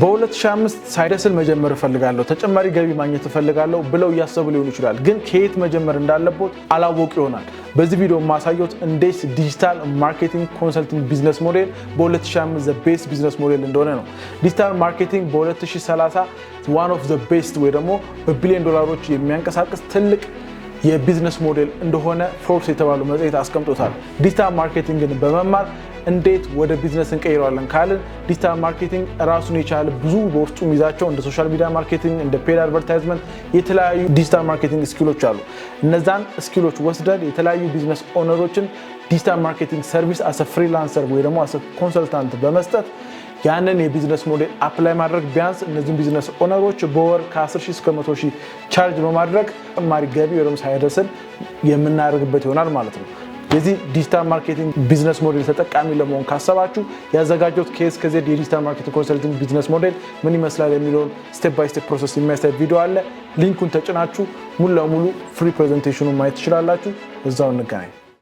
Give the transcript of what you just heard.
በ2005 ሳይደስል መጀመር እፈልጋለሁ፣ ተጨማሪ ገቢ ማግኘት እፈልጋለሁ ብለው እያሰቡ ሊሆን ይችላል። ግን ከየት መጀመር እንዳለቦት አላወቅ ይሆናል። በዚህ ቪዲዮ ማሳየት እንዴት ዲጂታል ማርኬቲንግ ኮንሰልቲንግ ቢዝነስ ሞዴል በ2005 ዘ ቤስት ቢዝነስ ሞዴል እንደሆነ ነው። ዲጂታል ማርኬቲንግ በ2030 ዋን ኦፍ ዘ ቤስት ወይ ደግሞ በቢሊዮን ዶላሮች የሚያንቀሳቅስ ትልቅ የቢዝነስ ሞዴል እንደሆነ ፎርብስ የተባለው መጽሔት አስቀምጦታል። ዲጂታል ማርኬቲንግን በመማር እንዴት ወደ ቢዝነስ እንቀይረዋለን ካልን ዲጂታል ማርኬቲንግ ራሱን የቻለ ብዙ በውስጡ የሚይዛቸው እንደ ሶሻል ሚዲያ ማርኬቲንግ፣ እንደ ፔድ አድቨርታይዝመንት የተለያዩ ዲጂታል ማርኬቲንግ ስኪሎች አሉ። እነዛን ስኪሎች ወስደን የተለያዩ ቢዝነስ ኦነሮችን ዲጂታል ማርኬቲንግ ሰርቪስ አሰ ፍሪላንሰር ወይ ደግሞ አሰ ኮንሰልታንት በመስጠት ያንን የቢዝነስ ሞዴል አፕላይ ማድረግ ቢያንስ እነዚህም ቢዝነስ ኦነሮች በወር ከ10 እስከ 100 ቻርጅ በማድረግ ተጨማሪ ገቢ ወይም ሳይደርስን የምናደርግበት ይሆናል ማለት ነው። የዚህ ዲጂታል ማርኬቲንግ ቢዝነስ ሞዴል ተጠቃሚ ለመሆን ካሰባችሁ ያዘጋጀሁት ከኤስ እስከ ዜድ የዲጂታል ማርኬቲንግ ኮንሰልቲንግ ቢዝነስ ሞዴል ምን ይመስላል የሚለውን ስቴፕ ባይ ስቴፕ ፕሮሰስ የሚያሳይ ቪዲዮ አለ። ሊንኩን ተጭናችሁ ሙሉ ለሙሉ ፍሪ ፕሬዘንቴሽኑን ማየት ትችላላችሁ። እዛው እንገናኝ።